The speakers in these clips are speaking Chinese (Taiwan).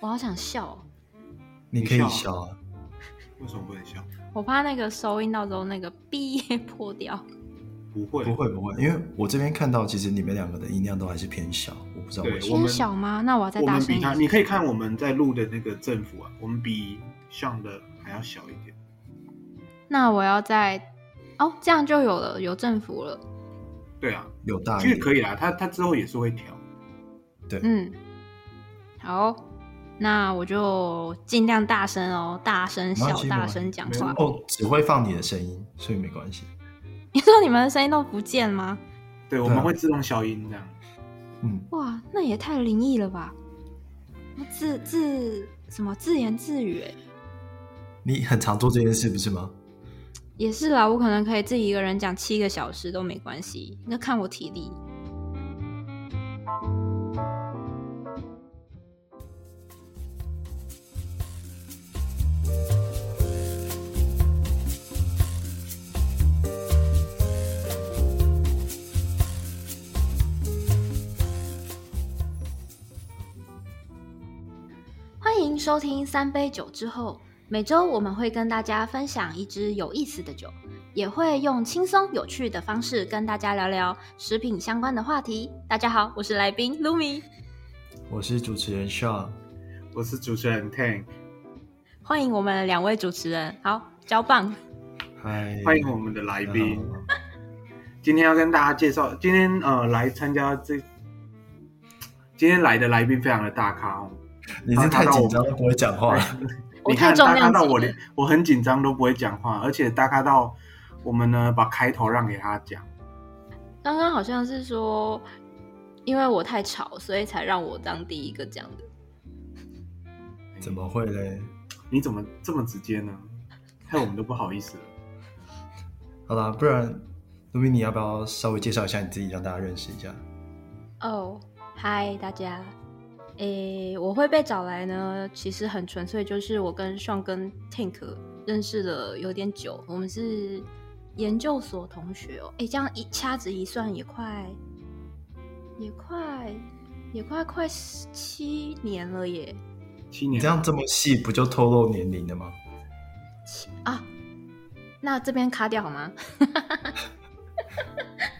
我好想笑，你可以笑啊，為什麼不能笑？ 我怕那個收音到時候那個 B 也破掉。不會，不會，不會，因為我這邊看到，其實你們兩個的音量都還是偏小，我不知道為什麼偏小嗎？那我要再大聲。我們，我們你可以看我們在錄的那個振幅啊，我們比上的還要小一點。那我要再，哦，這樣就有了，有振幅了。對啊，有大，其實可以啦，啊，它它之後也是會調。對，嗯，好。.那我就盡量大聲哦，大聲小大聲講話哦，只會放你的聲音，所以沒關係。你說你們的聲音都不見嗎？對，我們會自動消音這樣。嗯，哇，那也太靈異了吧！自自什麼自言自語？你很常做這件事不是嗎？也是啦，我可能可以自己一個人講七個小時都沒關係，那看我體力。收聽三杯酒之後，每周我們會跟大家分享一支有意思的酒，也會用輕鬆有趣的方式跟大家聊聊食品相關的話題。大家好，我是來賓 Lumi，我是主持人 Shawn，我是主持人 Tank。歡迎我們兩位主持人，好，交棒。嗨，歡迎我們的來賓。Hello. 今天要跟大家介紹，今天呃來參加這，今天來的來賓非常的大咖哦。你是太緊張都不會講話，啊 了，你看大看到我連我很緊張都不會講話，而且大概到我們呢把開頭讓給他講。剛剛好像是說，因為我太吵，所以才讓我當第一個講的，嗯。怎麼會嘞？你怎麼這麼直接呢？害 我們都不好意思了。好啦，不然盧米，你要不要稍微介紹一下你自己，讓大家認識一下？哦，嗨，大家。誒，我會被找來呢，其實很純粹，就是我跟 Sean 跟 Tank 認識了有點久，我們是研究所同學哦。誒，這樣一掐指一算，也快，也快，也快快七年了耶！七年，你這樣這麼細，不就透露年齡了嗎？七啊，那這邊卡掉好嗎？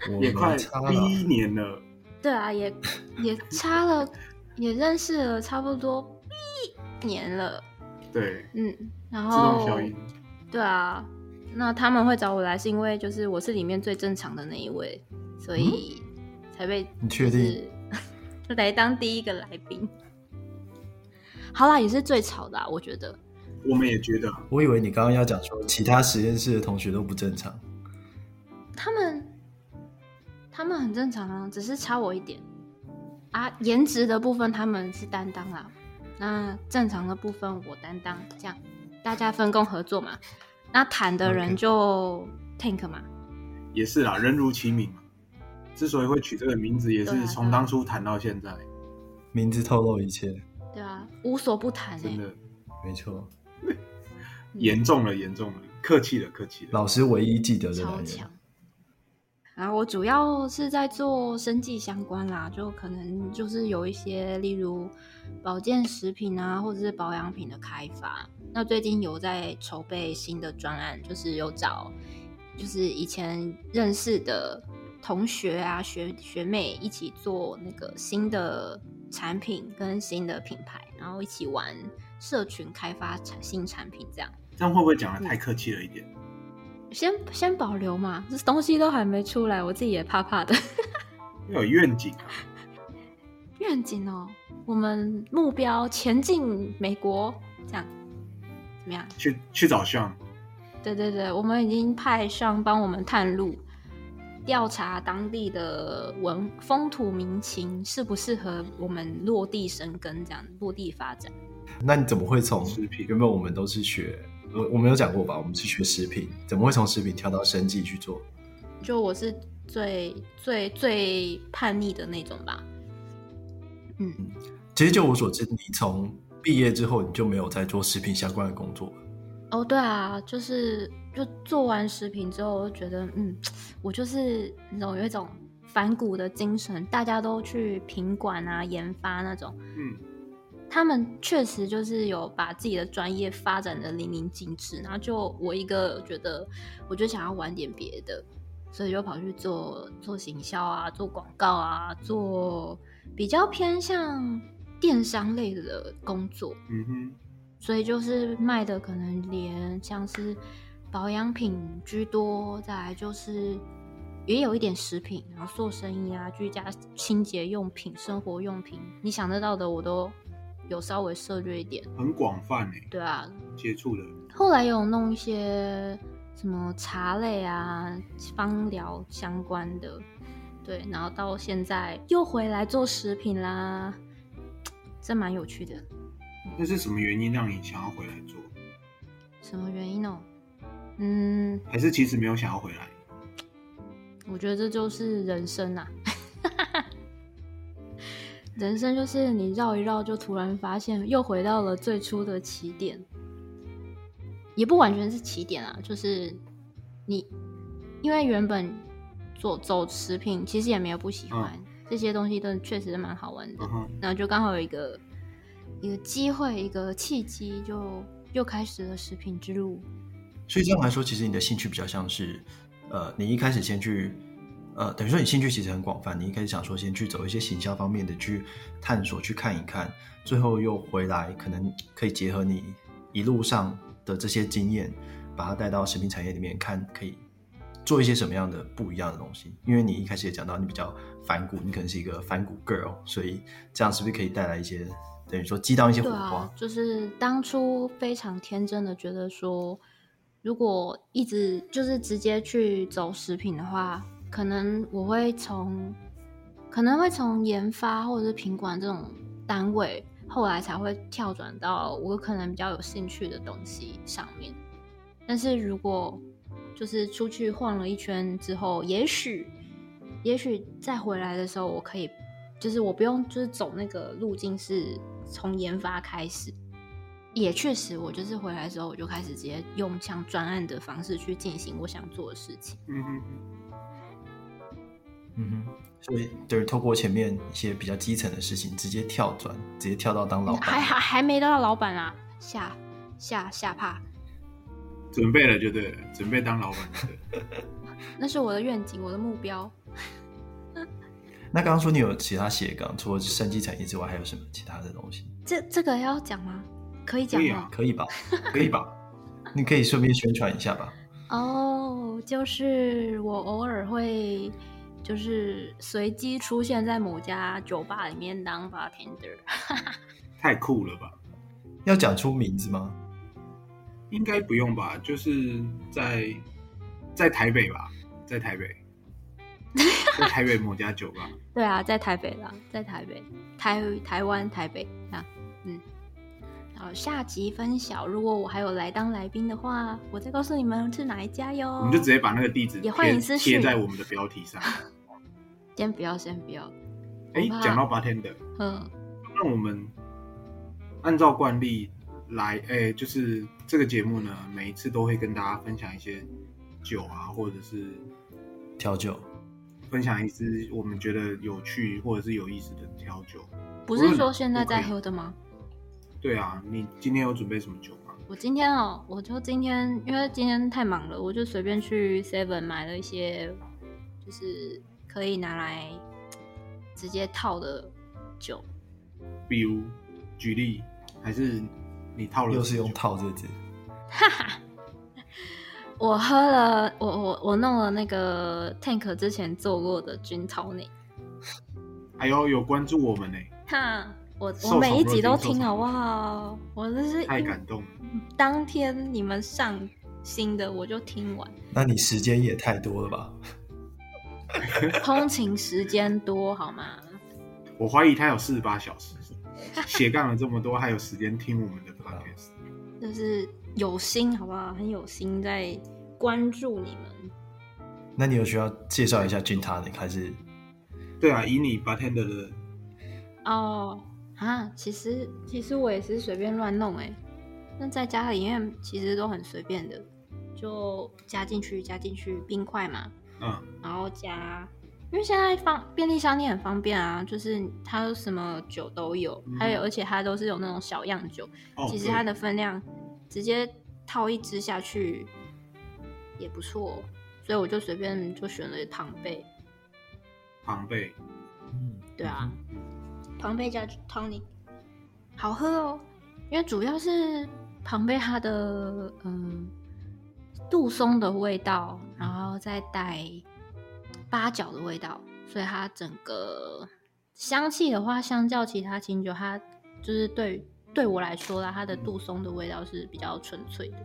也快差了一年了。對啊，也也差了。也認識了差不多一年了，對，嗯，然後自動效應，對啊，那他們會找我來是因為就是我是裡面最正常的那一位，嗯、所以才被就是你確定 來當第一個來賓。 好啦，也是最吵的，啊，我覺得。我們也覺得，我以為你剛剛要講說其他實驗室的同學都不正常，他們他們很正常啊，只是差我一點。啊，顏值的部分他們是擔當啦，那正常的部分我擔當，這樣大家分工合作嘛。那談的人就 tank 嘛。Okay. 也是啦，人如其名嘛。之所以會取這個名字，也是從當初談到現在，啊啊，名字透露一切。對啊，無所不談，欸、真的，沒錯。 嚴重了，嚴重了，客氣了，客氣了，老師唯一記得的兩人。然後我主要是在做生技相關啦，就可能就是有一些例如保健食品啊，或者是保養品的開發。那最近有在籌備新的專案，就是有找就是以前認識的同學啊、學學妹一起做那個新的產品跟新的品牌，然後一起玩社群開發新產品這樣。這樣會不會講得太客氣了一點？嗯先先保留嘛，這東西都還沒出來，我自己也怕怕的。要 有願景。願景哦，我們目標前進美國，這樣怎麼樣？去去找商。對對對，我們已經派上幫我們探路，調查當地的文風土民情，適不適合我們落地生根，這樣落地發展。那你怎麼會從食品，原本我們都是學？我我沒有講過吧，我們是學食品，怎麼會從食品跳到生技去做？就我是最最最叛逆的那種吧。嗯，其實就我所知，你從畢業之後你就沒有在做食品相關的工作。哦，對啊，就是就做完食品之後，我就覺得嗯，我就是那種有一種反骨的精神，大家都去品管啊、研發那種，嗯。他們確實就是有把自己的專業發展的淋漓盡致，然後就我一個覺得我就想要玩點別的，所以就跑去做做行銷啊，做廣告啊，做比較偏向電商類的工作。嗯哼，所以就是賣的可能連像是保養品居多，再來就是也有一點食品，然後做生意啊，居家清潔用品、生活用品，你想得到的我都，有稍微涉獵一點，很廣泛哎、欸。對啊，接觸了。後來有弄一些什麼茶類啊、芳療相關的，對，然後到現在又回來做食品啦，真蠻有趣的。那是什麼原因讓你想要回來做？什麼原因哦、喔？嗯，還是其實沒有想要回來？我覺得這就是人生啊。 人生就是你繞一繞，就突然發現又回到了最初的起點，也不完全是起點啊，就是你，因為原本做走食品，其實也沒有不喜歡、嗯、這些東西，都確實是蠻好玩的。然、嗯、後就剛好有一個一個機會，一個契機，就又開始了食品之路。所以這樣來說，其實你的興趣比較像是，嗯、呃，你一開始先去。呃，等於說你興趣其實很廣泛，你一開始想說先去走一些行銷方面的去探索去看一看，最後又回來，可能可以結合你一路上的這些經驗，把它帶到食品產業裡面看，可以做一些什麼樣的不一樣的東西。因為你一開始也講到你比較反骨，你可能是一個反骨 girl，所以這樣是不是可以帶來一些等於說激盪一些火花？對啊，就是當初非常天真的覺得說，如果一直就是直接去走食品的話。可能我會從，可能會從研發或者是品管這種單位，後來才會跳轉到我可能比較有興趣的東西上面。但是如果就是出去晃了一圈之後，也許，也許再回來的時候，我可以，就是我不用就是走那個路徑，是從研發開始。也確實，我就是回來之後，我就開始直接用像專案的方式去進行我想做的事情。嗯嗯哼，所以就是透過前面一些比較基層的事情，直接跳轉，直接跳到當老板。還還沒到老板啊，下下下怕，準備了就對了，準備當老板對了。 那是我的願景，我的目標。 那剛剛說你有其他斜槓，除了生技產業之外，還有什麼其他的東西？這這個要講嗎？可以講，可以啊，可以吧，可以吧， 你可以順便宣傳一下吧。哦、oh，就是我偶爾會。就是隨機出現在某家酒吧裡面當 bartender， 太酷了吧！要講出名字嗎？應該不用吧？就是在在台北吧，在台北， 在台北某家酒吧。 對啊，在台北啦，在台北，台台灣台北啊，嗯。好，下集分享。如果我還有來當來賓的話，我再告訴你們是哪一家喲。我們就直接把那個地址也換一次，貼在我們的標題上。 先不,先不要，先不要。哎，講到 Bartender，嗯，那我們按照慣例來，哎、欸，就是這個節目呢，每一次都會跟大家分享一些酒啊，或者是調酒、嗯，分享一支我們覺得有趣或者是有意思的調酒。不是說現在在喝的嗎？Okay. 對啊，你今天有準備什麼酒嗎？我今天哦、喔，我就今天，因為今天太忙了，我就隨便去 Seven 買了一些，就是。可以拿來直接套的酒，比如舉例，還是你套了？又是用套這支。哈哈，我喝了，我我我弄了那個 Tank 之前做過的 Gin Tonic。哎呦，有關注我們呢、欸？哈， 我我每一集都聽，好不好？我真是太感動，當天你們上新的我就聽完，那你時間也太多了吧？ 通勤時間多好嗎？我懷疑他有四十八小時。斜槓了這麼多，還有時間聽我們的 podcast，就 是有心，好不好？很有心在關注你們。那你有需要介紹一下 gin tonic 還是？對啊，以你 bartender 的人。哦，啊，其實其實我也是隨便亂弄哎，欸，那在家裡面其實都很隨便的，就加進去加進去冰塊嘛。嗯，然後加，因為現在方便利商店很方便啊，就是它有什麼酒都有，嗯、還有而且它都是有那種小樣酒，哦、其實它的分量直接套一支下去也不錯，所以我就隨便就選了龐貝。龐貝，對啊，龐貝加 Tony，好喝哦，因為主要是龐貝它的嗯。呃杜松的味道，然後再帶八角的味道，所以它整個香氣的話，相較其他琴酒，它就是對對我來說啦，它的杜松的味道是比較純粹的，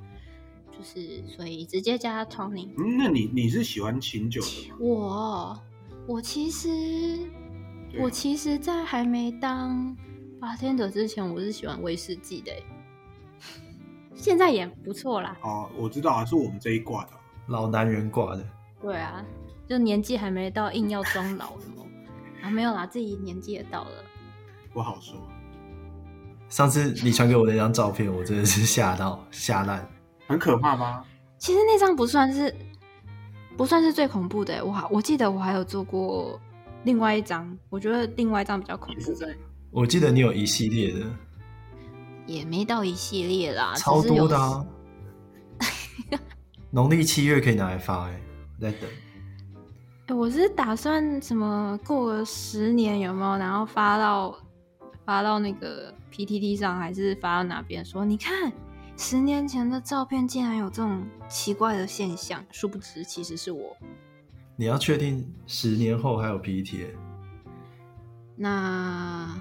就是所以直接加通寧。嗯，那你你是喜歡琴酒的嗎？我我其實我其實，其實在還沒當 bartender 之前，我是喜歡威士忌的。現在也不錯啦。哦，我知道啊，是我們這一掛的，老男人掛的。對啊，就年紀還沒到，硬要裝老什麼。 啊，沒有啦，自己年紀也到了。不好說。上次你傳給我的那張照片，我真的是嚇到嚇爛， 很可怕嗎？其實那張不算是，不算是最恐怖的。哇，我記得我還有做過另外一張，我覺得另外一張比較恐怖是。我記得你有一系列的。也沒到一系列啦，超多的啊！農曆七月可以拿來發。哎，我在等。我是打算什麼過了十年有沒有，然後發到發到那個 P T T 上，還是發到哪邊，說你看十年前的照片，竟然有這種奇怪的現象，殊不知其實是我。你要確定十年後還有 P T T？那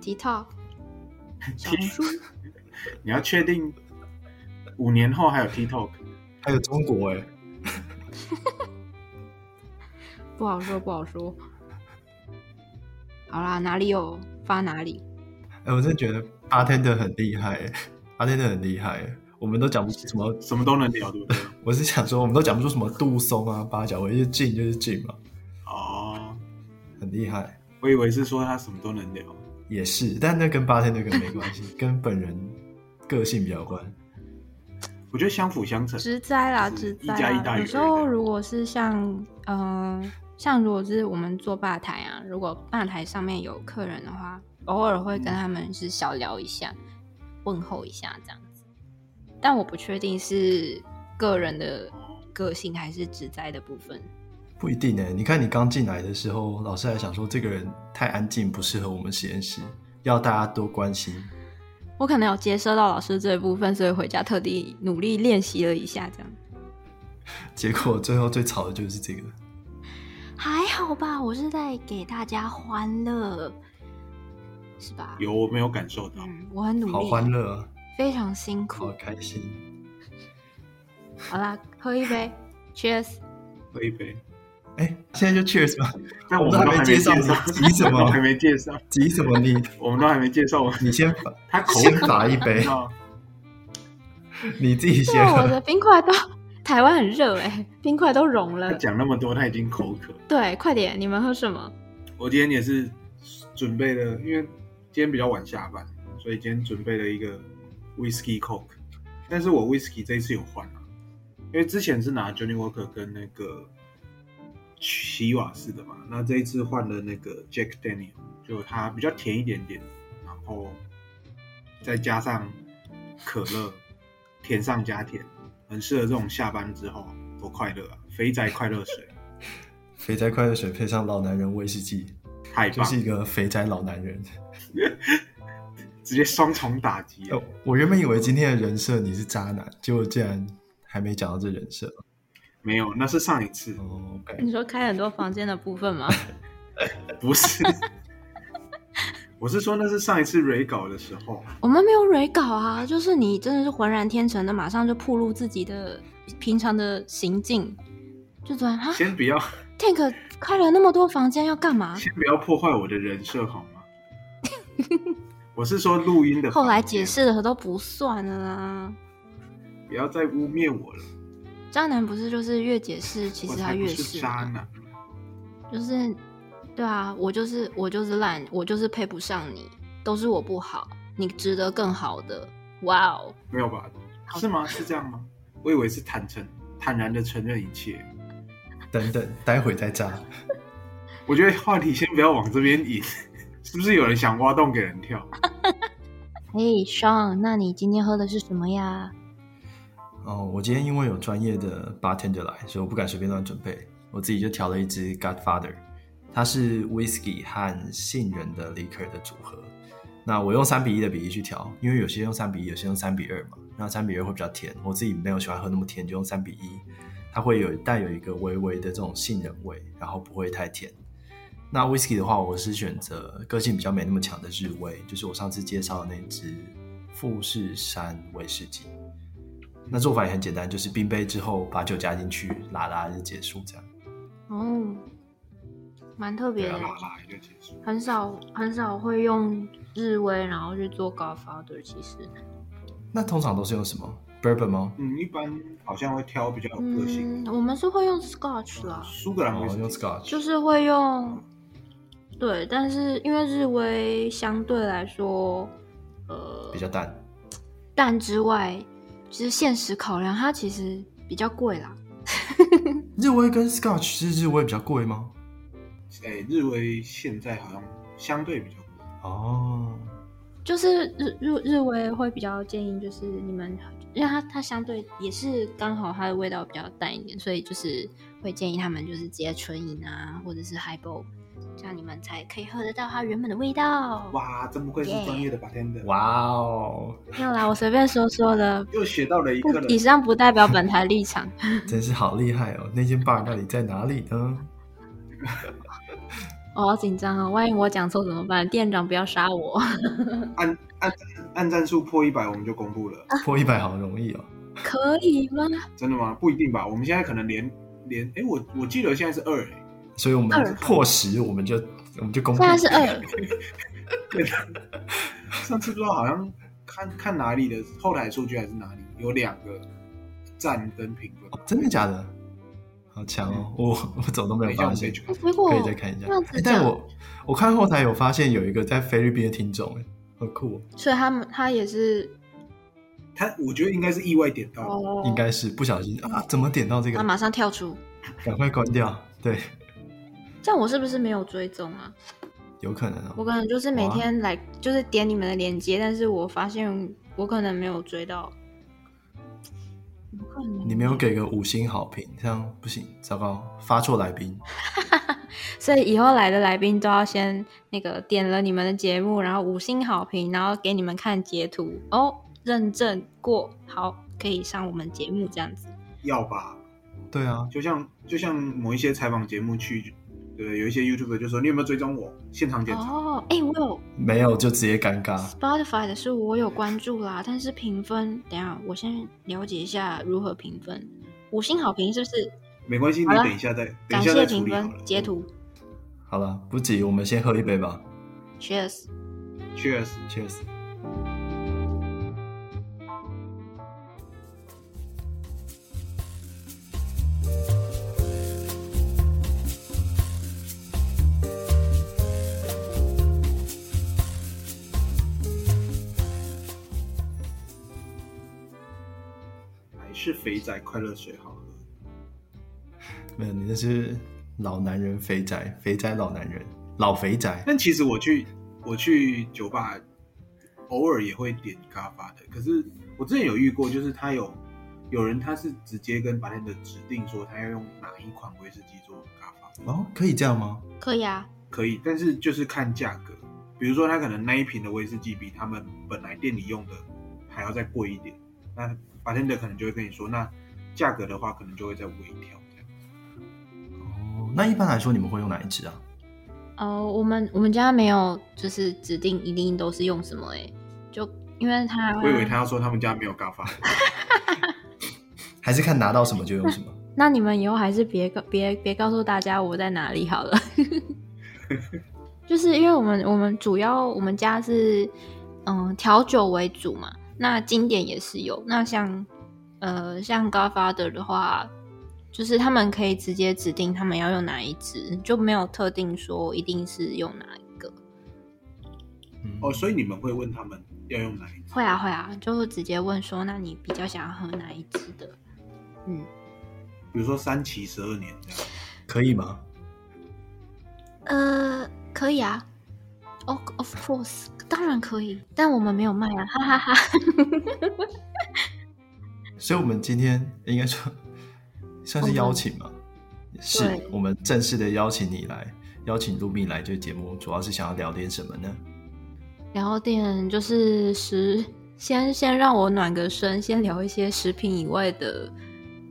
TikTok。 小豬，你要確定五年後還有 TikTok，還有中國哎、欸， 不好說，不好說。好啦，哪裡有發哪裡。哎、欸，我真的覺得阿天 r 很厲害，阿天 r 很厲害。我們都講不出什麼，什麼都能聊對對。 我是想說，我們都講不出什麼杜松啊、八角，我一是就是進就是進嘛。哦，很厲害。我以為是說他什麼都能聊。也是，但那跟八天那個沒關係， 跟本人個性比較關。 我覺得相輔相成。職災啦，就是，職災啦。有時候如果是像，呃，像如果是我們坐吧台啊，如果吧台上面有客人的話，偶爾會跟他們是小聊一下、嗯，問候一下這樣子。但我不確定是個人的個性還是職災的部分。不一定呢？你看你剛進來的時候，老師還想說這個人太安靜，不適合我們實驗室，要大家多關心。我可能有接收到老師這一部分，所以回家特地努力練習了一下，這樣。結果最後最吵的就是這個。還好吧，我是在給大家歡樂，是吧？有，我沒有感受到。嗯，我很努力。好歡樂，非常辛苦。好，好開心。好啦，喝一杯 ，Cheers。喝一杯。哎，現在就 cheers 吧。但我們都還沒介紹，急什,什麼？還沒介紹，急什麼？你我們都還沒介紹， 你先，他口渴一杯，一杯，你自己先。我的冰塊都台灣很熱哎、欸，冰塊都融了。他講那麼多，他已經口渴。對，快點，你們喝什麼？我今天也是準備了，因為今天比較晚下班，所以今天準備了一個 whiskey coke。但是我 whiskey 這一次有換了，因為之前是拿 Johnny Walker 跟那個。起瓦士的嘛，那這一次換了那個 Jack Daniel 就它比較甜一點點，然後再加上可樂，甜上加甜，很適合這種下班之後多快樂啊！肥宅快樂水，肥宅快樂水配上老男人威士忌，太棒，就是一個肥宅老男人， 直接雙重打擊。哦，我原本以為今天的人設你是渣男，結果竟然還沒講到這人設。沒有，那是上一次。Oh, okay. 你說開很多房間的部分嗎？ 不是，我是說那是上一次 Re 稿的時候。我們沒有 Re 稿啊，就是你真的是渾然天成的，馬上就暴露自己的平常的行徑，就這種。先不要，Tank 開了那麼多房間要幹嘛？先不要破壞我的人設好嗎？我是說錄音的， 後來解釋的都不算了啦。不要再污蔑我了。渣男，不是就是越解釋，其實他越是，是渣男。就是，對啊，我就是我就是爛，我就是配不上你，都是我不好，你值得更好的。哇、wow、哦，沒有吧？是嗎？是這樣嗎？我以為是坦誠、坦然的承認一切。 等等，待會再渣。 我覺得話題先不要往這邊引，是不是有人想挖洞給人跳？嘿，Sean，那你今天喝的是什麼呀？哦，我今天因為有專業的 bartender 來，所以我不敢隨便亂準備。我自己就調了一支 Godfather，它是 whiskey 和杏仁的 liquor 的組合。那我用三比一的比例去調，因為有些用三比一，有些用三比二嘛。那三比二會比較甜，我自己沒有喜歡喝那麼甜，就用三比一。它會有帶有一個微微的這種杏仁味，然後不會太甜。那 whiskey 的話，我是選擇個性比較沒那麼強的日威，就是我上次介紹的那支富士山威士忌。那做法也很簡單，就是冰杯之後把酒加進去，拉拉就結束這樣。哦，蠻特別的、欸。拉拉就結束。很少很少會用日威，然後去做高發的。其實，那通常都是用什麼？Bourbon 嗎？嗯，一般好像會挑比較有個性、嗯。我們是會用 scotch 啦，蘇、哦、格蘭好像用 scotch，就是會用。對，但是因為日威相對來說，呃，比較淡。淡之外。就是現實考量，它其實比較貴啦。 日威跟 Scotch 其實，日威比較貴嗎？哎、欸，日威現在好像相對比較貴哦。就是日日日威會比較建議，就是你們，因為它它相對也是剛好，它的味道比較淡一點，所以就是會建議他們就是直接純飲啊，或者是 Highball 這樣你們才可以喝得到它原本的味道。哇，真不愧是專業的白天的哇哦。沒有啦，我隨便說說的。又學到了一個。以上不代表本台立場。 真是好厲害哦，那間吧到底在哪裡呢？ 我好緊張啊，萬一我講錯怎麼辦？店長不要殺我。按 按按，讚數破一百我們就公布了。啊、破一百好容易哦。可以嗎？真的嗎？不一定吧，我們現在可能連連，哎、欸，我我記得現在是二、欸。所以，我們破十，我們就我們就公布是二， 對的。 上次不知道好像看看哪裡的後台數據還是哪裡，有兩個讚跟評論、哦。真的假的？好強哦、喔！我我早都沒有發現可以再看一下。欸、但我我看後台有發現有一個在菲律賓的聽眾、欸，哎，很酷、喔。所以他們他也是，他我覺得應該是意外點到、哦，應該是不小心、嗯、啊？怎麼點到這個？他馬上跳出，趕快關掉。對。但我是不是沒有追蹤啊？有可能啊，我可能就是每天來就是點你們的鏈接，但是我發現我可能沒有追到，有可能啊，你沒有給個五星好評，這樣不行，糟糕，發錯來賓。 所以以後來的來賓都要先那個點了你們的節目，然後五星好評，然後給你們看截圖哦，認證過好可以上我們節目這樣子。要吧？對啊，就像就像某一些採訪節目去。對，有一些 YouTuber 就說，你有沒有追蹤我？現場檢查哦，哎、oh，我有，沒有就直接尷尬。Spotify 的是我有關注啦，但是評分等一下我先了解一下如何評分，五星好評是不是？沒關係，你等一下再，等一下再感謝評分截圖、嗯。好了，不急，我們先喝一杯吧。Cheers。Cheers。Cheers。是肥宅快樂水好喝，沒有你這是老男人肥宅，肥宅老男人，老肥宅。但其實我去我去酒吧，偶爾也會點咖啡的。可是我之前有遇過，就是他有有人他是直接跟 bartender 指定說，他要用哪一款威士忌做咖啡哦，可以這樣嗎？可以啊，可以。但是就是看價格，比如說他可能那一瓶的威士忌比他們本來店裡用的還要再貴一點，那。Bartender 可能就會跟你說，那價格的話，可能就會再微調哦，oh, 那一般來說，你們會用哪一支啊？哦、oh,，我們我們家沒有，就是指定一定都是用什麼、欸，哎，就因為他我以為他要說他們家沒有 Gaffa 還是看拿到什麼就用什麼。 那，那你們以後還是別別別告訴大家我在哪裡好了。 就是因為我們我們主要我們家是嗯調酒為主嘛。那經典也是有，那像，呃，像 Godfather 的話，就是他們可以直接指定他們要用哪一支，就沒有特定說一定是用哪一個。嗯，哦，所以你們會問他們要用哪一支？會啊，會啊，就是直接問說，那你比較想要喝哪一支的？嗯，比如說三七十二年，可以嗎？呃，可以啊。Oh, of course. 當然可以，但我們沒有賣啊，哈哈哈。所以，我們今天應該說算，算是邀請吧，oh. 是我們正式的邀請你來，邀請 Lumi 來這個節目，主要是想要聊點什麼呢？聊點就是食，先先讓我暖個身，先聊一些食品以外的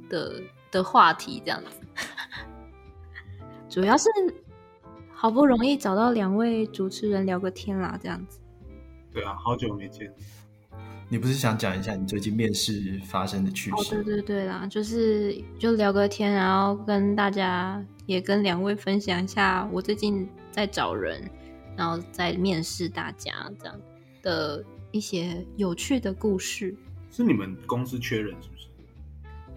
的的話題，這樣子。主要是好不容易找到兩位主持人聊個天啦，這樣子。對啊，好久沒見。你不是想講一下你最近面試發生的趣事嗎？Oh, 對對對啦，就是就聊個天，然後跟大家也跟兩位分享一下我最近在找人，然後在面試大家這樣的一些有趣的故事。是你們公司缺人是不是？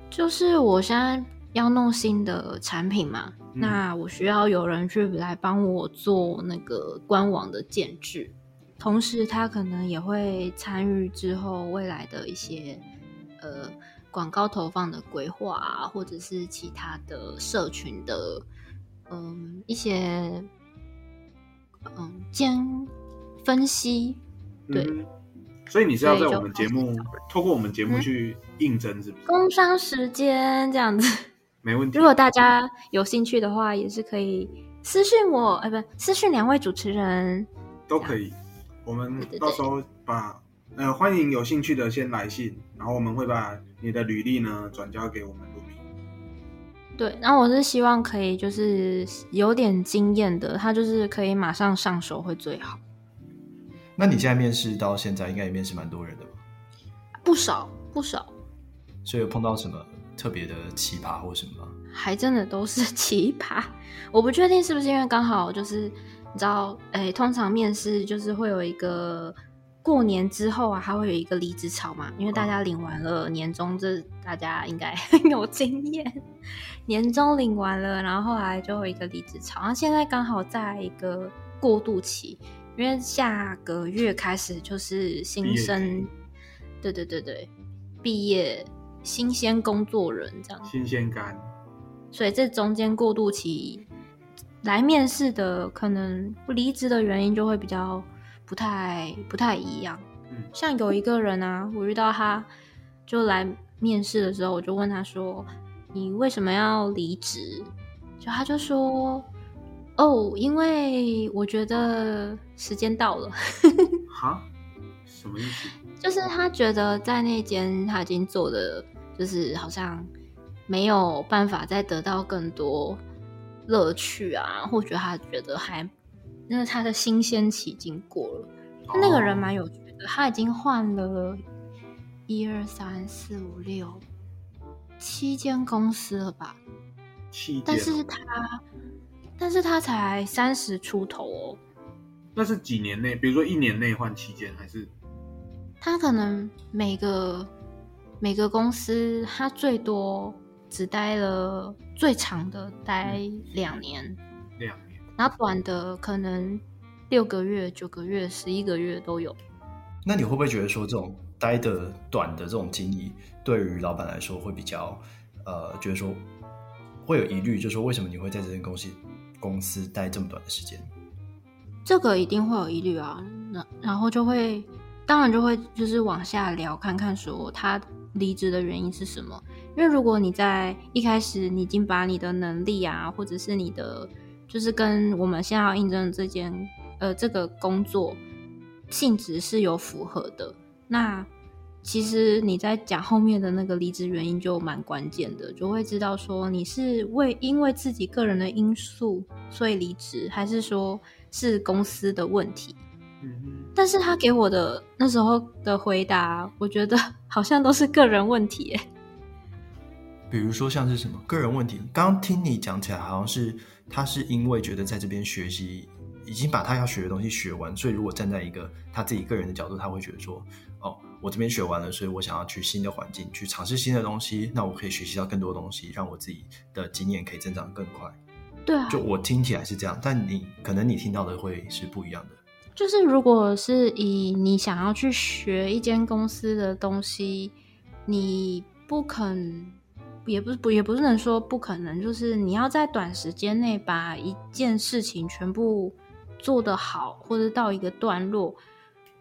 就是我現在要弄新的產品嘛、嗯，那我需要有人去來幫我做那個官網的建置。同時，他可能也會參與之後未來的一些呃廣告投放的規劃啊，或者是其他的社群的嗯、呃、一些嗯兼、呃、分析。對、嗯，所以你是要在我們節目，透過我們節目去應徵，是不是、嗯？工商時間這樣子沒問題。如果大家有興趣的話，也是可以私訊我，哎，不，私訊兩位主持人都可以。我們到時候把，對對對，呃，歡迎有興趣的先來信，然後我們會把你的履歷呢轉交給我們 Lumi。對，然後我是希望可以就是有點經驗的，他就是可以馬上上手會最好。那你現在面試到現在，應該也面試蠻多人的吧？嗯、不少不少。所以有碰到什麼特別的奇葩或什麼？還真的都是奇葩，我不確定是不是因為剛好就是。你知道，欸、通常面試就是會有一個過年之後啊，還會有一個離職潮嘛，因為大家領完了年終，這大家應該很有經驗，年終領完了，然後後來就有一個離職潮，然、啊、現在剛好在一個過渡期，因為下個月開始就是新生，對對對對，畢業新鮮工作人這樣子，新鮮感，所以這中間過渡期。來面試的可能不離職的原因就會比較不太不太一樣，像有一個人啊，我遇到他就來面試的時候，我就問他說：“你為什麼要離職？”就他就說：“哦，因為我覺得時間到了。 ”哈？什麼意思？就是他覺得在那間他已經做得就是好像沒有辦法再得到更多。樂趣啊，或者他覺得還，因為他的新鮮期已經過了。哦、那個人蠻有趣的，他已經換了，一、二、三、四、五、六、七間公司了吧？七。但是他，但是他才三十出頭哦。那是幾年內？比如說一年內換七間，還是？他可能每個每個公司，他最多。只待了最長的待兩年，兩年、嗯，然後短的可能六個月、嗯、九個月、十一個月都有。那你會不會覺得說這種待的短的這種經歷，對於老板來說會比較呃，覺得說會有疑慮，就是說為什麼你會在這間公司公司待這麼短的時間？這個一定會有疑慮啊，然然後就會，當然就會就是往下聊，看看說他離職的原因是什麼。因為如果你在一開始你已經把你的能力啊，或者是你的，就是跟我們現在要應徵這件呃，這個工作性質是有符合的，那其實你在講後面的那個離職原因就蠻關鍵的，就會知道說你是為因為自己個人的因素所以離職，還是說是公司的問題。嗯哼，但是他給我的那時候的回答，我覺得好像都是個人問題誒。比如說像是什麼個人問題？剛剛聽你講起來，好像是他是因為覺得在這邊學習已經把他要學的東西學完，所以如果站在一個他自己個人的角度，他會覺得說，哦，我這邊學完了，所以我想要去新的環境去嘗試新的東西，那我可以學習到更多東西，讓我自己的經驗可以增長更快。對啊，就我聽起來是這樣，但你可能你聽到的會是不一樣的。就是如果是以你想要去學一間公司的東西，你不肯……也不是不也不是能說不可能，就是你要在短時間內把一件事情全部做得好，或者到一個段落，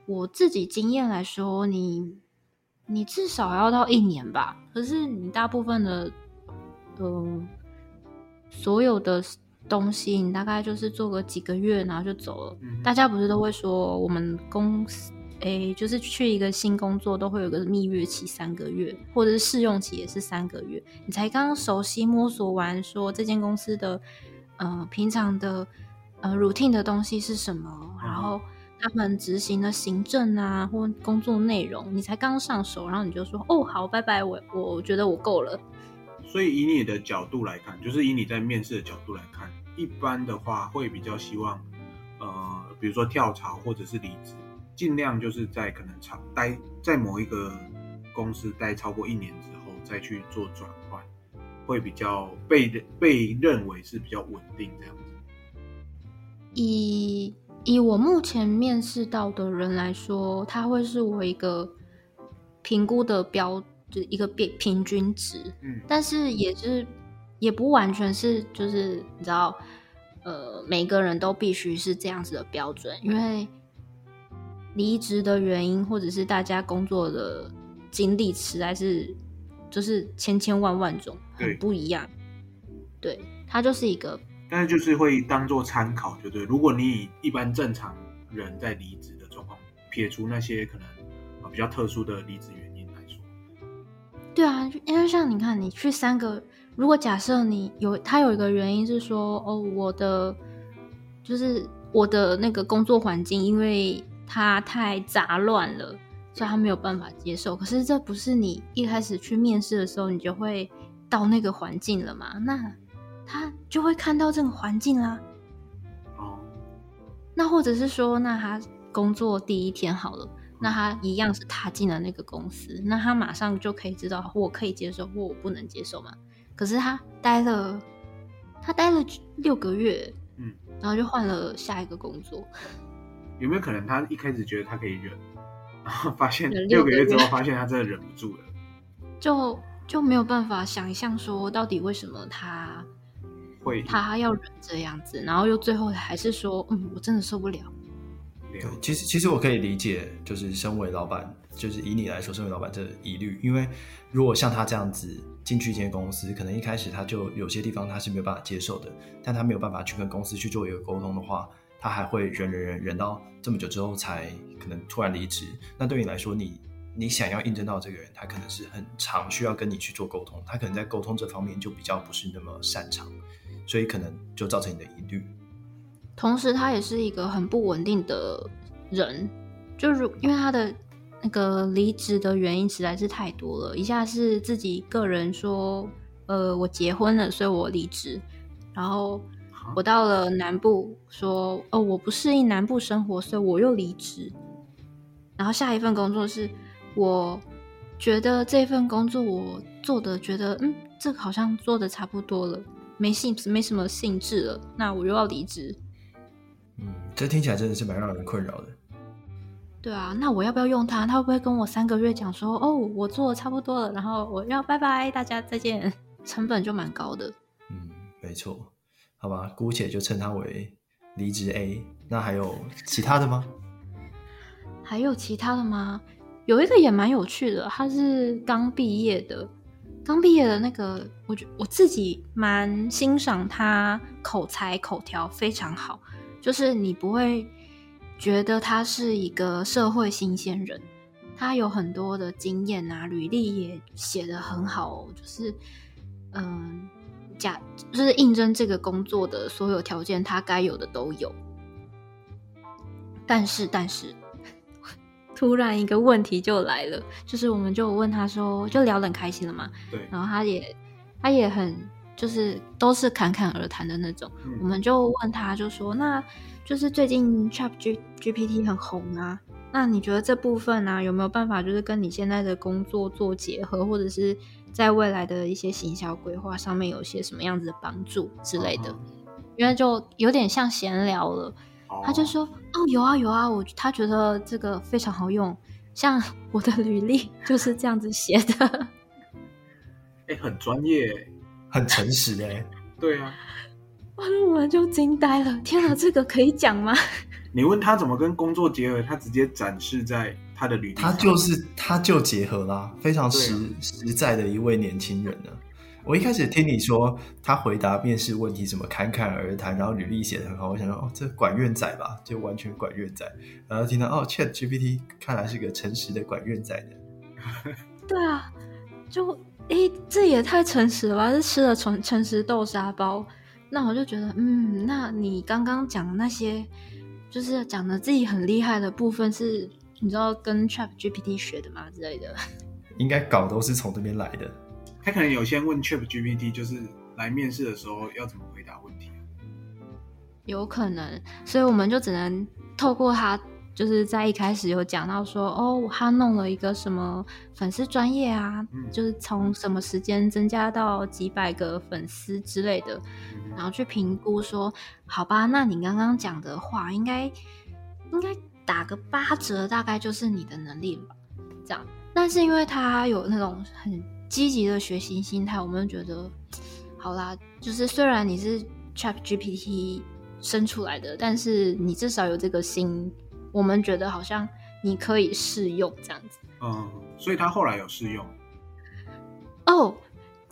我自己經驗來說，你你至少要到一年吧。可是你大部分的，呃，所有的東西，你大概就是做個幾個月，然後就走了。大家不是都會說我們公司。誒，就是去一個新工作，都會有個蜜月期三個月，或者是試用期也是三個月。你才剛熟悉摸索完，說這間公司的、呃、平常的呃 routine 的東西是什麼、嗯，然後他們執行的行政啊或工作內容，你才剛上手，然後你就說哦好，拜拜，我我覺得我夠了。所以以你的角度來看，就是以你在面試的角度來看，一般的話會比較希望呃，比如說跳槽或者是離職。儘量就是在可能長待在某一個公司待超過一年之後再去做轉換，會比較被被認為是比較穩定這樣子以。以以我目前面試到的人來說，他會是我一個評估的標，就是、一個平平均值。嗯，但是也、就是也不完全是，就是你知道，呃，每個人都必須是這樣子的標準，因為。離職的原因，或者是大家工作的經歷實在是就是千千萬萬種，很不一樣。對，對它就是一個，但是就是會當做參考，就對。如果你以一般正常人在離職的狀況，撇除那些可能比較特殊的離職原因來說，對啊，因為像你看，你去三個，如果假設你有，它有一個原因是說，哦，我的就是我的那個工作環境，因為。他太雜亂了，所以他沒有辦法接受。可是這不是你一開始去面試的時候，你就會到那個環境了嘛？那他就會看到這個環境啦。哦。那或者是說，那他工作第一天好了，那他一樣是踏進了那個公司，那他馬上就可以知道我可以接受或我不能接受嗎？可是他待了，他待了六個月，嗯，然後就換了下一個工作。有沒有可能他一開始覺得他可以忍，然後發現六個月之後發現他真的忍不住了，就就沒有辦法想象說到底為什麼他會他要忍這樣子，然後又最後還是說，嗯，我真的受不了。對，其實其實我可以理解，就是身為老闆，就是以你來說身為老闆這疑慮，因為如果像他這樣子進去一間公司，可能一開始他就有些地方他是沒有辦法接受的，但他沒有辦法去跟公司去做一個溝通的話。他還會忍忍忍忍到這麼久之後才可能突然離職。那對你來說，你你想要印證到這個人，他可能是很常需要跟你去做溝通，他可能在溝通這方面就比較不是那麼擅長，所以可能就造成你的疑慮。同時，他也是一個很不穩定的人，就如因為他的那個離職的原因實在是太多了，一下是自己個人說，呃，我結婚了，所以我離職，然後。我到了南部，說哦，我不適應南部生活，所以我又離職。然後下一份工作是，我覺得這份工作我做的，覺得嗯，這個好像做的差不多了，沒興沒什麼興致了，那我又要離職。嗯，這聽起來真的是蠻讓人困擾的。對啊，那我要不要用它？他會不會跟我三個月講說哦，我做的差不多了，然後我要拜拜，大家再見？成本就蠻高的。嗯，沒錯。好吧，姑且就稱他為離職 A。那還有其他的嗎？還有其他的嗎？有一個也蠻有趣的，他是剛畢業的，剛畢業的那個，我覺得我自己蠻欣賞他口才口條非常好，就是你不會覺得他是一個社會新鮮人，他有很多的經驗啊，履歷也寫得很好哦，就是嗯。假就是應徵這個工作的所有條件，他該有的都有。但是，但是，突然一個問題就來了，就是我們就問他說，就聊得很開心了嘛？對。然後他也，他也很，就是都是侃侃而談的那種、嗯。我們就問他就說，那就是最近 Chat G GPT 很紅啊，那你覺得這部分呢、啊，有沒有辦法就是跟你現在的工作做結合，或者是？在未來的一些行銷規劃上面，有些什麼樣子的幫助之類的，原、哦、來就有點像閒聊了、哦。他就說：“哦，有啊有啊，我他覺得這個非常好用，像我的履歷就是這樣子寫的。 ”哎、欸，很專業，很誠實的 對啊，我就驚呆了。天哪，這個可以講嗎？ 你問他怎麼跟工作結合，他直接展示在。他的履，他就是他就結合啦、啊嗯，非常實、啊、實在的一位年輕人呢。我一開始聽你說他回答面試問題怎麼侃侃而談，然後履歷寫得很好，我想說哦，這是管院仔吧，就完全管院仔。然後聽到哦，Chat GPT，看來是個誠實的管院仔呢。對啊，就誒、欸，這也太誠實了吧？是吃了誠實豆沙包？那我就覺得，嗯，那你剛剛講的那些，就是講的自己很厲害的部分是？你知道跟 Chat GPT 學的嗎，之類的？應該搞都是從這邊來的。他可能有先問 Chat GPT，就是來面試的時候要怎麼回答問題、啊？有可能，所以我們就只能透過他，就是在一開始有講到說，哦，他弄了一個什麼粉絲專業啊，嗯、就是從什麼時間增加到幾百個粉絲之類的，嗯、然後去評估說，好吧，那你剛剛講的話，應該應該。打個八折，大概就是你的能力吧，這樣。但是因為他有那種很積極的學習心態，我們覺得好啦。就是雖然你是 ChatGPT 生出來的，但是你至少有這個心，我們覺得好像你可以試用這樣子。嗯，所以他後來有試用。哦，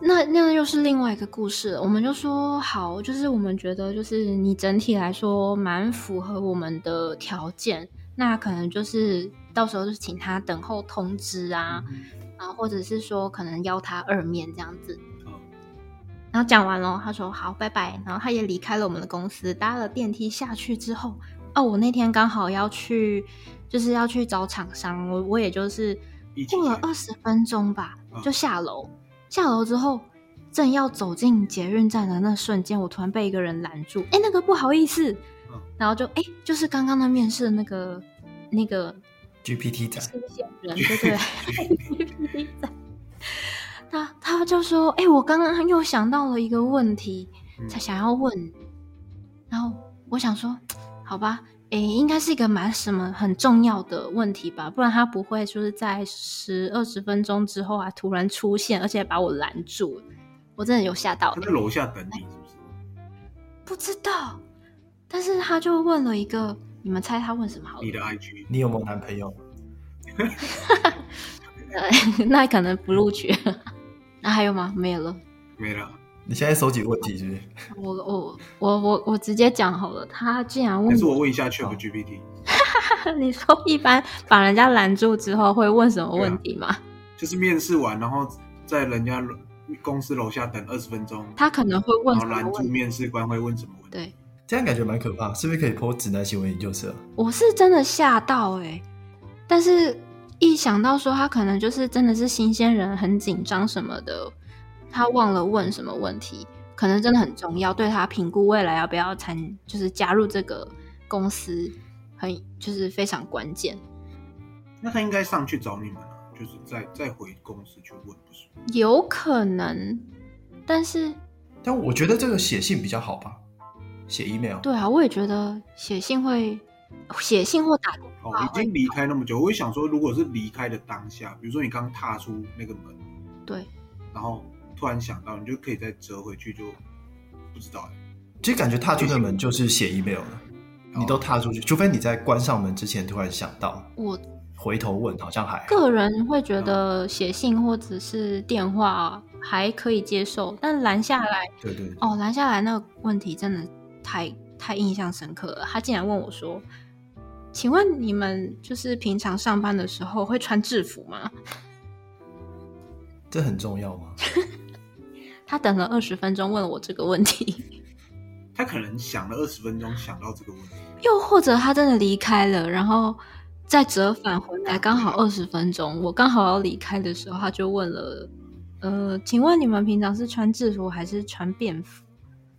那那又是另外一個故事了。我們就說好，就是我們覺得，就是你整體來說蠻符合我們的條件。那可能就是到時候就請他等候通知啊，嗯嗯啊，或者是說可能邀他二面這樣子。嗯、然後講完了，他說好，拜拜。然後他也離開了我們的公司，搭了電梯下去之後，哦，我那天剛好要去，就是要去找廠商，我我也就是過了二十分鐘吧，就下樓，嗯。下樓之後，正要走進捷運站的那瞬間，我突然被一個人攔住，哎，那個不好意思。然後就，哎，就是剛剛的面試的那個那個 GPT 仔，對對 ？GPT 仔。他他就說：“哎，我剛剛又想到了一個問題，嗯、才想要問。”然後我想說：“好吧，哎，應該是一個蠻什麼很重要的問題吧？不然他不會就是在十二十分鐘之後啊，突然出現，而且把我攔住。我真的有嚇到。”他在樓下等你，是不是？不知道。但是他就問了一個，你們猜他問什麼？好了，你的 I G，你有沒有男朋友？ 那可能不錄取。那、嗯啊、還有嗎？沒有了，沒了。你現在收集問題是不是？我我我我我直接講好了。他竟然問，但是我問一下 Chat G P T？你說一般把人家攔住之後會問什麼問題嗎？啊、就是面試完，然後在人家公司樓下等二十分鐘，他可能會問什麼問題？攔住面試官會問什麼問題？對。這樣感覺蠻可怕，是不是可以 PO 指南新聞研究社？啊？我是真的嚇到哎、欸，但是一想到說他可能就是真的是新鮮人，很緊張什麼的，他忘了問什麼問題，可能真的很重要，對他評估未來要不要參，就是加入這個公司，很就是非常關鍵。那他應該上去找你們了，就是再再回公司去問，不是？有可能，但是，但我覺得這個寫信比較好吧。寫 email，對啊，我也覺得寫信會，寫信或打電話。哦，已經離開那麼久，我會想說，如果是離開的當下，比如說你剛踏出那個門，對，然後突然想到，你就可以再折回去，就不知道了。其實感覺踏出的門就是寫 email 了，你都踏出去，除非你在關上門之前突然想到，我回頭問，好像還好。個人會覺得寫信或者是電話還可以接受，但攔下來，對對，哦，攔下來那個問題真的。太太印象深刻了，他竟然問我說：“請問你們就是平常上班的時候會穿制服嗎？這很重要嗎？” 他等了二十分鐘，問我這個問題。他可能想了二十分鐘，想到這個問題。 又或者他真的離開了，然後再折返回來，剛好二十分鐘，我剛好要離開的時候，他就問了：“呃，請問你們平常是穿制服還是穿便服？”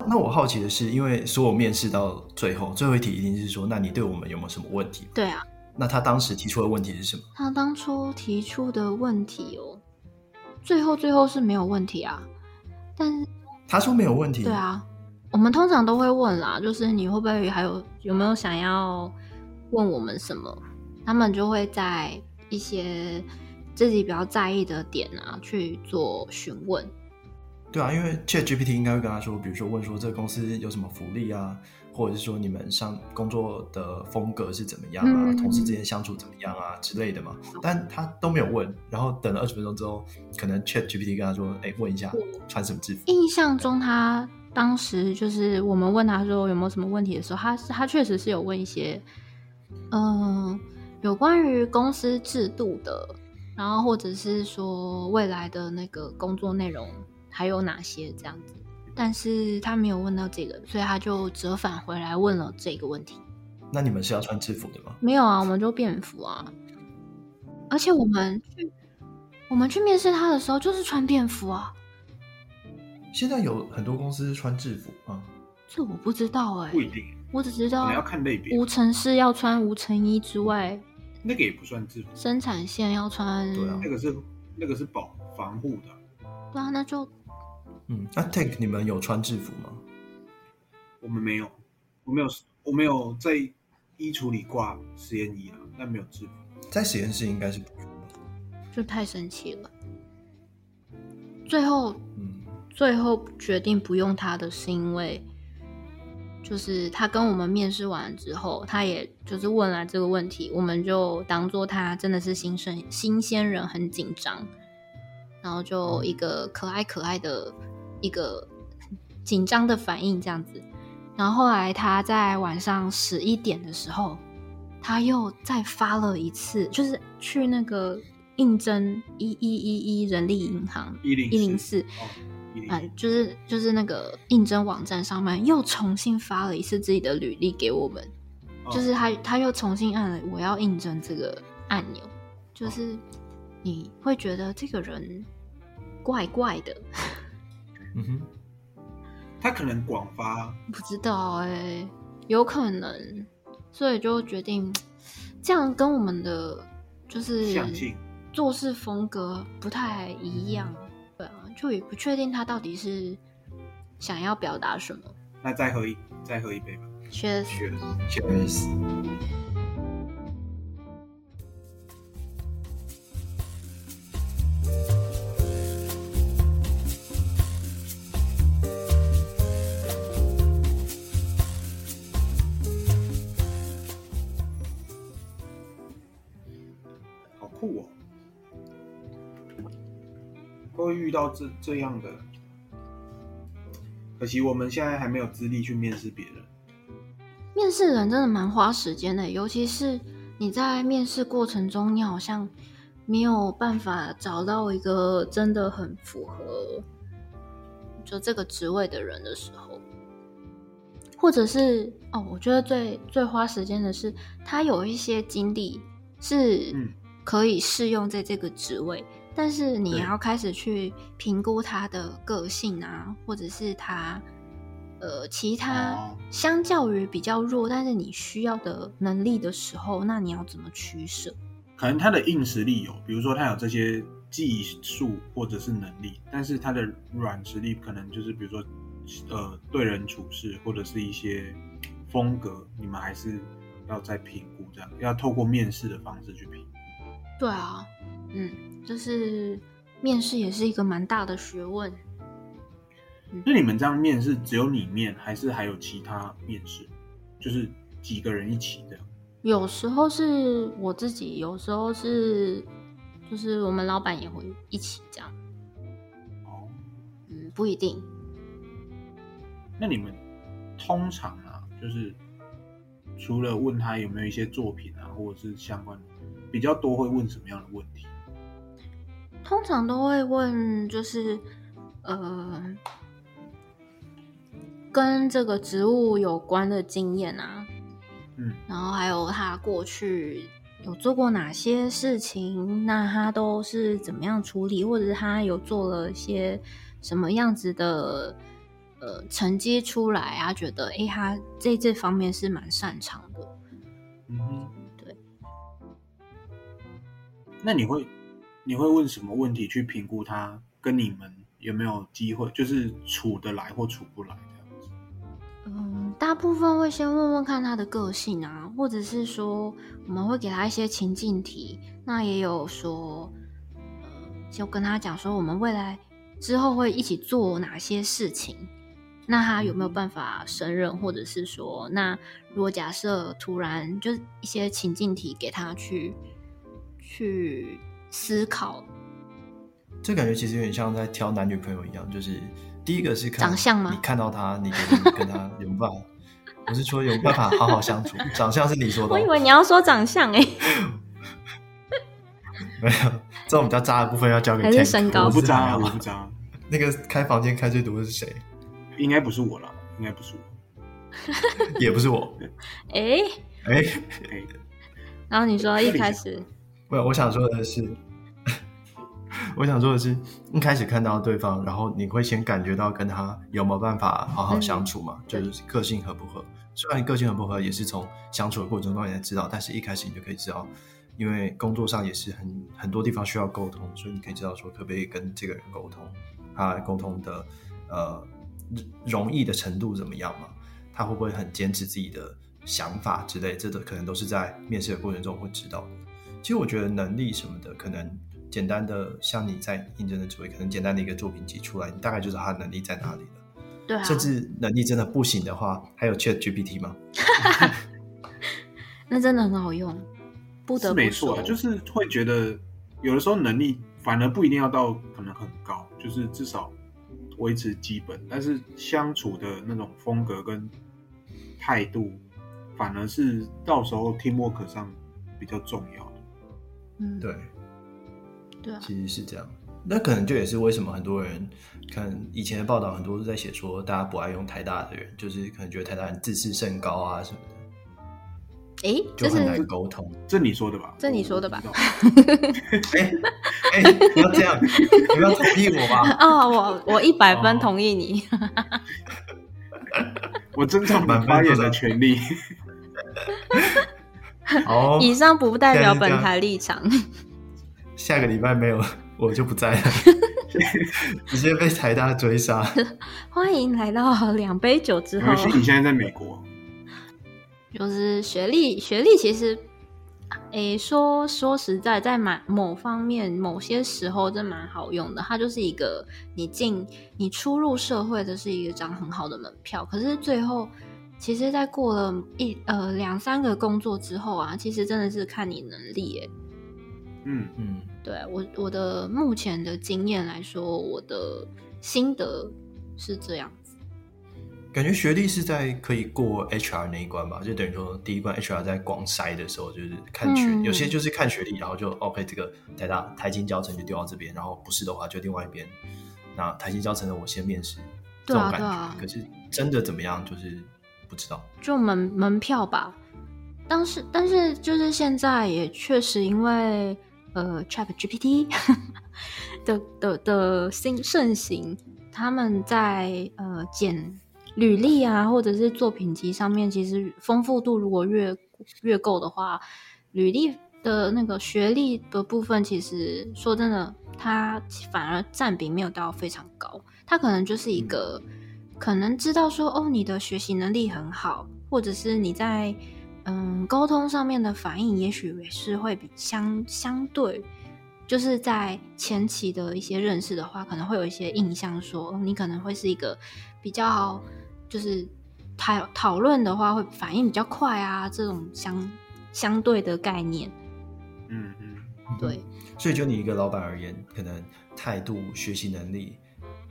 那我好奇的是，因為所有面試到最後，最後一題一定是說，那你對我們有沒有什麼問題？對啊。那他當時提出的問題是什麼？他當初提出的問題哦、喔，最後最後是沒有問題啊，但是他說沒有問題。對啊，我們通常都會問啦，就是你會不會還有有沒有想要問我們什麼？他們就會在一些自己比較在意的點啊去做詢問。對啊，因為 ChatGPT 應該會跟他說，比如說問說這個公司有什麼福利啊，或者是說你們上工作的風格是怎麼樣啊，嗯、同事之間相處怎麼樣啊之類的嘛。但他都沒有問，然後等了二十分鐘之後，可能 ChatGPT 跟他說：“哎，問一下，穿什麼制服？”印象中他當時就是我們問他說有沒有什麼問題的時候，他是他確實是有問一些，嗯、呃，有關於公司制度的，然後或者是說未來的那個工作內容。還有哪些這樣子？但是他沒有問到這個，所以他就折返回來問了這個問題。那你們是要穿制服的嗎？沒有啊，我們就便服啊。而且我們去我們去面試他的時候就是穿便服啊。現在有很多公司穿制服啊。這我不知道哎、欸。不一定。我只知道你要看類別。無塵室要穿無塵衣之外，那個也不算制服。生產線要穿。對啊，對啊，那個是那個是保防護的。對啊，那就。嗯，那、啊、Tek 你們有穿制服嗎？我們沒有，我沒有，我沒有在衣櫥裡掛實驗衣啊，但沒有制服。在實驗室應該是不用的。就太神奇了。最後、嗯，最後決定不用他的是因為，就是他跟我們面試完了之後，他也就是問了這個問題，我們就當做他真的是新生，新鮮人很緊張，然後就一個可愛可愛的。一個緊張的反應這樣子，然後後來他在晚上十一點的時候，他又再發了一次，就是去那個應徵一一一一人力銀行一零一零四，嗯，就是就是那個應徵網站上面又重新發了一次自己的履歷給我們，就是他、oh. 他又重新按了我要應徵這個按鈕，就是你會覺得這個人怪怪的。嗯哼，他可能廣發，不知道哎、欸，有可能，所以就決定這樣跟我們的就是做事風格不太一樣，對啊，就也不確定他到底是想要表達什麼。那再喝一再喝一杯吧，Cheers，Cheers。這這樣的，可惜我們現在還沒有資歷去面試別人。面試人真的蠻花時間的，尤其是你在面試過程中，你好像沒有辦法找到一個真的很符合就這個職位的人的時候，或者是，哦，我覺得最最花時間的是，他有一些經歷是可以適用在這個職位。嗯但是你要開始去評估他的個性啊，或者是他呃其他相較於比較弱，哦，但是你需要的能力的時候，那你要怎麼取捨？可能他的硬實力有，比如說他有這些技術或者是能力，但是他的軟實力可能就是比如說呃對人處事或者是一些風格，你們還是要再評估，這樣要透過面試的方式去評。對啊，嗯。就是面試也是一個蠻大的學問，嗯。那你們這樣面試，只有你面，還是還有其他面試？就是幾個人一起這樣？有時候是我自己，有時候是就是我們老闆也會一起這樣。哦，嗯，不一定。那你們通常啊，就是除了問他有沒有一些作品啊，或者是相關，比較多會問什麼樣的問題？通常都會問，就是呃，跟這個職務有關的經驗啊，嗯，然後還有他過去有做過哪些事情，那他都是怎麼樣處理，或者他有做了些什麼樣子的呃成績出來啊？覺得哎，他在這方面是蠻擅長的。嗯，對。那你會？你會問什麼問題去評估他跟你們有沒有機會，就是處得來或處不來這樣子？嗯，大部分會先問問看他的個性啊，或者是說我們會給他一些情境題。那也有說，呃、嗯，先跟他講說我們未來之後會一起做哪些事情，那他有沒有辦法勝任，或者是說，那如果假設突然就是一些情境題給他去去。思考，這感覺其實有點像在挑男女朋友一樣，就是第一個是看長相嘛，你看到他，你覺得跟他有辦法？我 是說有辦法好好相處。 長相是你說的，我以為你要說長相哎、欸， 沒有，這種比較渣的部分要交給你。身高不渣，我不渣、啊。不 那個開房間開最多的是誰？應該不是我啦，應該不是我， 也不是我。哎、欸、哎、欸欸欸，然後你說一開始。不，我想說的是， 我想說的是，一開始看到對方，然後你會先感覺到跟他有沒有辦法好好相處嘛？就是個性合不合？雖然個性合不合也是從相處的過程當中才知道，但是一開始你就可以知道，因為工作上也是很很多地方需要溝通，所以你可以知道說可不可以跟這個人溝通，他溝通的呃容易的程度怎麼樣嘛？他會不會很堅持自己的想法之類？這個可能都是在面試的過程中會知道。其實我覺得能力什麼的，可能簡單的像你在應徵的職位，可能簡單的一個作品集出來，你大概就知道他能力在哪裡了。對啊，甚至能力真的不行的話，還有 ChatGPT 嗎？哈哈，那真的很好用，不得不，沒錯啊，就是會覺得有的時候能力反而不一定要到可能很高，就是至少維持基本，但是相處的那種風格跟態度，反而是到時候 teamwork 上比較重要。嗯、對，對、啊，其實是這樣。那可能就也是為什麼很多人看以前的報道，很多都在寫說，大家不愛用台大的人，就是可能覺得台大人自視甚高啊什麼的。哎、欸，這就很難溝通，這，這你說的吧？這你說的吧？哎哎、 欸欸，不要這樣， 不要同意我吧？啊、oh，我我一百分同意你。 我尊重你發言的權利。 以上不代表本台立場。下個禮拜沒有我就不在了 直接被財大追殺 歡迎來到兩杯酒之後。學你現在在美國，就是學歷，學歷其實，誒、欸，說說實在，在某方面，某些時候真蠻好用的。它就是一個你進你出入社會，就是一個張很好的門票。可是最後。其實，在過了一呃兩三個工作之後啊，其實真的是看你能力耶。嗯嗯，對我我的目前的經驗來說，我的心得是這樣子。感覺學歷是在可以過 HR 那一關吧，就等於說第一關 HR 在廣篩的時候，就是看學歷、嗯、有些就是看學歷，然後就 OK、哦、這個台大台清交成就丟到這邊，然後不是的話就另外一邊。那台清交成的我先面試這種感覺、對啊對啊，可是真的怎麼樣就是。不知道，就門門票吧。但是，但是，就是現在也確實因為呃，ChatGPT 的的的新盛行，他們在呃，簡履歷啊，或者是作品集上面，其實豐富度如果越越夠的話，履歷的那個學歷的部分，其實說真的，他反而占比沒有到非常高，他可能就是一個。嗯可能知道說哦，你的學習能力很好，或者是你在嗯溝通上面的反應，也許也是會比相相對，就是在前期的一些認識的話，可能會有一些印象說，你可能會是一個比較好就是討討論的話會反應比較快啊這種相相對的概念，嗯嗯，對，所以就你一個老板而言，可能態度、學習能力。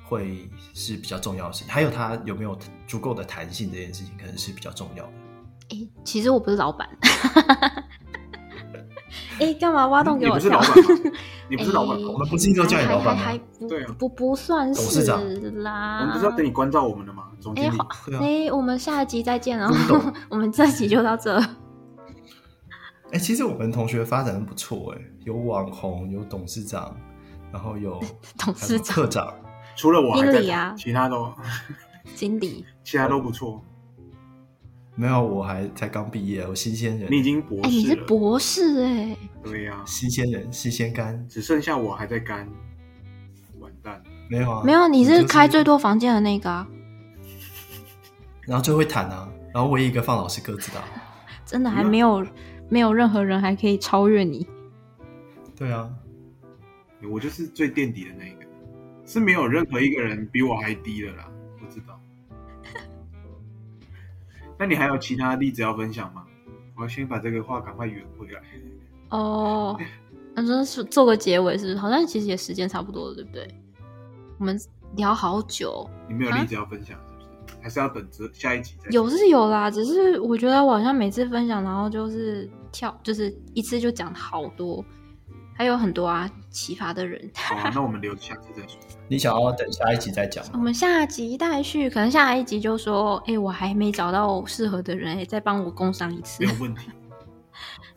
會是比較重要性，還有他有沒有足夠的彈性，這件事情可能是比較重要的。哎、欸，其實我不是老板，哎、 欸，幹嘛挖洞給我跳？你不是老板，你不是老板，我們不是應該叫你老板？還還不台台不台台不，台台不、啊、不，不算是董事長我們不是要等你關照我們的嗎？哎好，哎、欸啊欸，我們下一集再見啊！ 我們這集就到這。哎、欸，其實我們同學發展的不錯，哎，有網紅，有董事長，然後有董事長、科長。除了我還在打，啊，其他的經理，其他都不錯。沒有，我還才剛畢業，我新鮮人。你已經博士，欸、你是博士哎、欸？對呀，啊，新鮮人，新鮮肝，只剩下我還在肝，完蛋。沒有啊，沒有。你是開最多房間的那個，啊就是，然後最會彈啊，然後唯一一個放老師鴿子的，啊。 真的還沒有、啊、沒有任何人還可以超越你。對啊，我就是最墊底的那一個。是沒有任何一個人比我還低的啦，不知道。 那你還有其他例子要分享嗎？我先把這個話趕快圓回來。哦，那真是做個結尾，是不是？好像其實也時間差不多了，對不對？我們聊好久，你沒有例子要分享，是不是，啊？還是要等着下一集再？有是有啦，只是我覺得我好像每次分享，然後就是跳，就是一次就講好多。還有很多啊，奇葩的人。好、哦，那我們留下次再說。你想要等下一集再講？我們下集待續，可能下一集就說，哎、欸，我還沒找到適合的人，哎、欸，再幫我共商一次。沒有問題。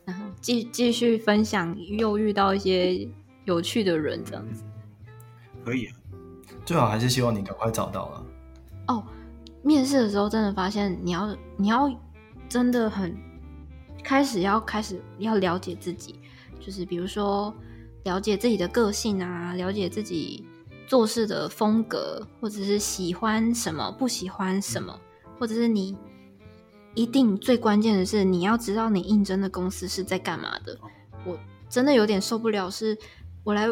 然 後繼繼續分享，又遇到一些有趣的人，這樣子、嗯。可以啊，最好還是希望你趕快找到了、啊。哦，面試的時候真的發現，你要你要真的很開始要開始要了解自己。就是比如說，了解自己的個性啊，了解自己做事的風格，或者是喜歡什麼，不喜歡什麼，嗯、或者是你一定最關鍵的是你要知道你應徵的公司是在幹嘛的、哦。我真的有點受不了，是，我來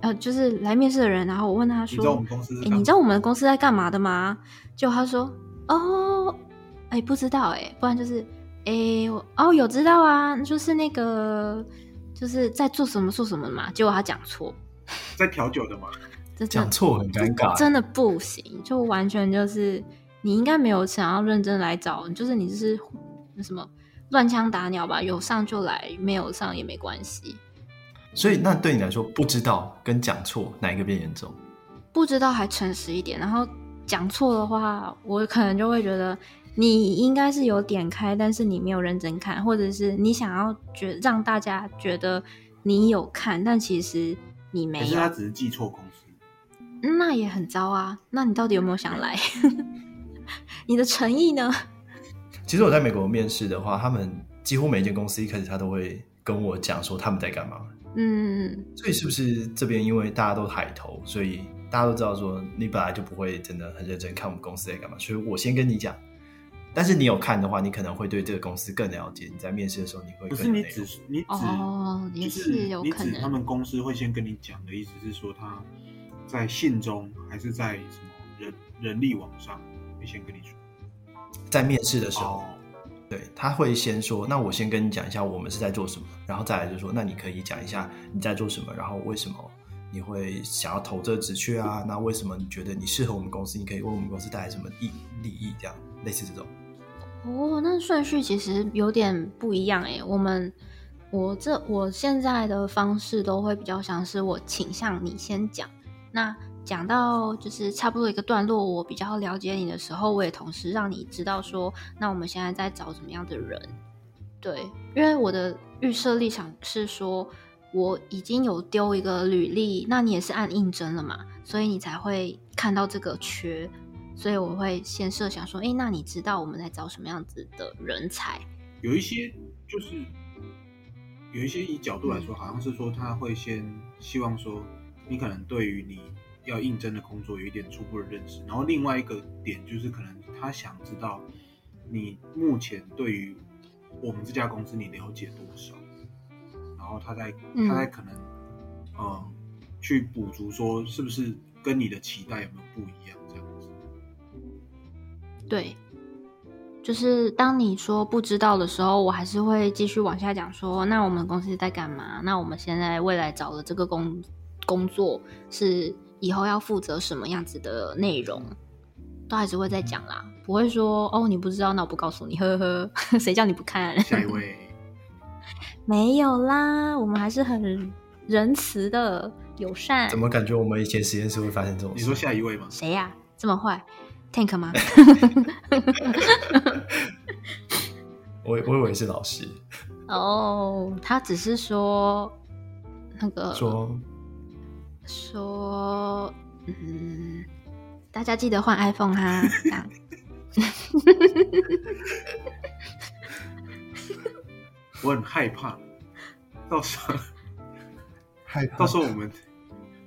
呃，就是來面試的人，然後我問他說：“你知道我們公司、欸？你知道我們公司在幹嘛的嗎？”就他說：“哦，哎、欸，不知道、欸，哎，不然就是，哎、欸，我哦，有知道啊，就是那個。”就是在做什麼做什麼嘛，結果他講錯，在調酒的嘛，講 錯很尷尬，啊，真的不行，就完全就是你應該沒有想要認真來找，就是你就是那什麼亂槍打鳥吧，有上就來，沒有上也沒關係。所以那對你來說，不知道跟講錯哪一個變嚴重？ 不知道還誠實一點，然後講錯的話，我可能就會覺得。你應該是有點開，但是你沒有認真看，或者是你想要覺讓大家覺得你有看，但其實你沒有。是他只是記錯公司，那也很糟啊！那你到底有沒有想來？嗯、 你的誠意呢？其實我在美國面試的話，他們幾乎每一間公司一開始他都會跟我講說他們在幹嘛。嗯，所以是不是這邊因為大家都海投，所以大家都知道說你本來就不會真的很認真看我們公司在幹嘛？所以我先跟你講。但是你有看的話，你可能會對這個公司更了解。你在面試的時候，你會不是你只你只哦，就是你有可能。他們公司會先跟你講的意思是說，他在信中還是在什麼人人力網上會先跟你說。在面試的時候，哦，對，他會先說，那我先跟你講一下我們是在做什麼，然後再來就說，那你可以講一下你在做什麼，然後為什麼你會想要投這個職缺啊？那為什麼你覺得你適合我們公司？你可以為我們公司帶來什麼利利益？這樣類似這種。哦，那順序其實有點不一樣誒，我們，我這我現在的方式都會比較像是我傾向你先講。那講到就是差不多一個段落，我比較了解你的時候，我也同時讓你知道說，那我們現在在找什麼樣的人。對，因為我的預設立場是說，我已經有丟一個履歷，那你也是按應徵了嘛，所以你才會看到這個缺。所以我會先設想說，誒，那你知道我們在找什麼樣子的人才？有一些就是有一些以角度來說、嗯，好像是說他會先希望說，你可能對於你要應徵的工作有一點初步的認識，然後另外一個點就是可能他想知道你目前對於我們這家公司你了解多少，然後他在、嗯、他在可能、呃、去補足說是不是跟你的期待有沒有不一樣這樣。對，就是當你說不知道的時候，我還是會繼續往下講說。說那我們公司在幹嘛？那我們現在未來找的這個工工作是以後要負責什麼樣子的內容，都還是會再講啦。不會說哦，你不知道，那我不告訴你。呵，呵呵，誰叫你不看？下一位，沒有啦，我們還是很仁慈的、友善。怎麼感覺我們以前實驗室會發生這種？你說下一位嗎？誰呀、啊？這麼壞？tank 嗎？ 我以為是老師哦。Oh, 他只是說那個說說嗯，大家記得換 iPhone 哈。 這樣 我很害怕，到時候害怕到時候我們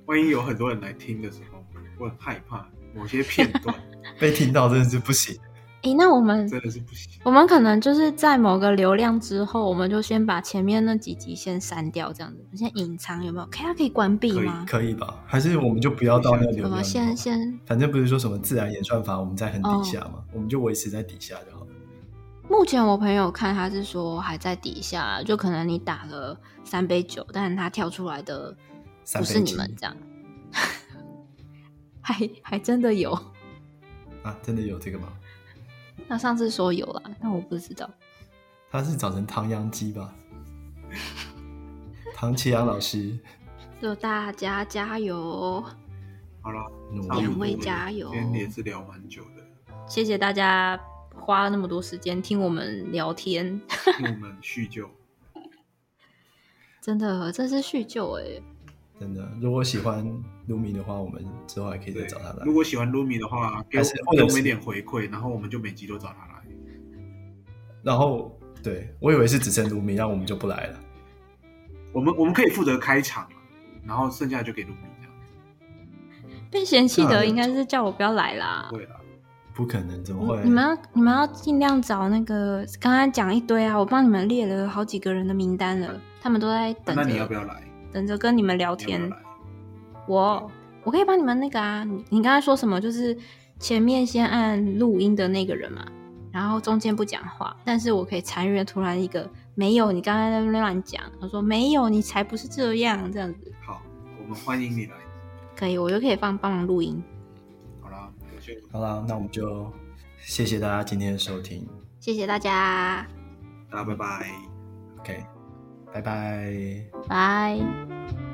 萬一有很多人來聽的時候，我很害怕某些片段。 被聽到真的是不行。哎、欸，那我們真的是不行。我們可能就是在某個流量之後，我們就先把前面那幾集先刪掉，這樣子先隱藏，有沒有？可以，它可以關閉嗎？可？可以吧？還是我們就不要到那個流量？先先。反正不是說什麼自然演算法，我們在很底下嘛、哦，我們就維持在底下就好了。目前我朋友看他是說還在底下，就可能你打了三杯酒，但他跳出來的不是你們這樣， 還還真的有。啊，真的有這個嗎？那上次說有啦，但我不知道。他是長成唐陽雞吧？唐奇陽老師，祝 大家加油！好了，啊、兩位加油。今天也是聊蠻久的，謝謝大家花了那麼多時間聽我們聊天，聽我 們敘舊。真的，這是敘舊哎、欸。真的，如果喜歡 Lumi 的話，我們之後還可以再找他來。如果喜歡 Lumi 的話，給我們一點回饋，然後我們就每集都找他來。然後，對，我以為是只剩 Lumi，那我們就不來了。嗯、我們我們可以負責開場，然後剩下的就給 Lumi、嗯。被嫌棄的應該是叫我不要來啦。對啊，啊，不可能怎麼會？你們要你們要儘量找那個剛剛講一堆啊，我幫你們列了好幾個人的名單了，他們都在等着。那你要不要來？等着跟你們聊天，要要我我可以幫你們那個啊，你剛才說什麼？就是前面先按錄音的那個人嘛，然後中間不講話，但是我可以參與。突然一個沒有，你剛剛在亂講。我說沒有，你才不是這樣這樣子。好，我們歡迎你來。可以，我就可以幫幫忙錄音。好啦，好啦，那我們就謝謝大家今天的收聽。謝謝大家，大家拜拜。OK。拜拜。拜。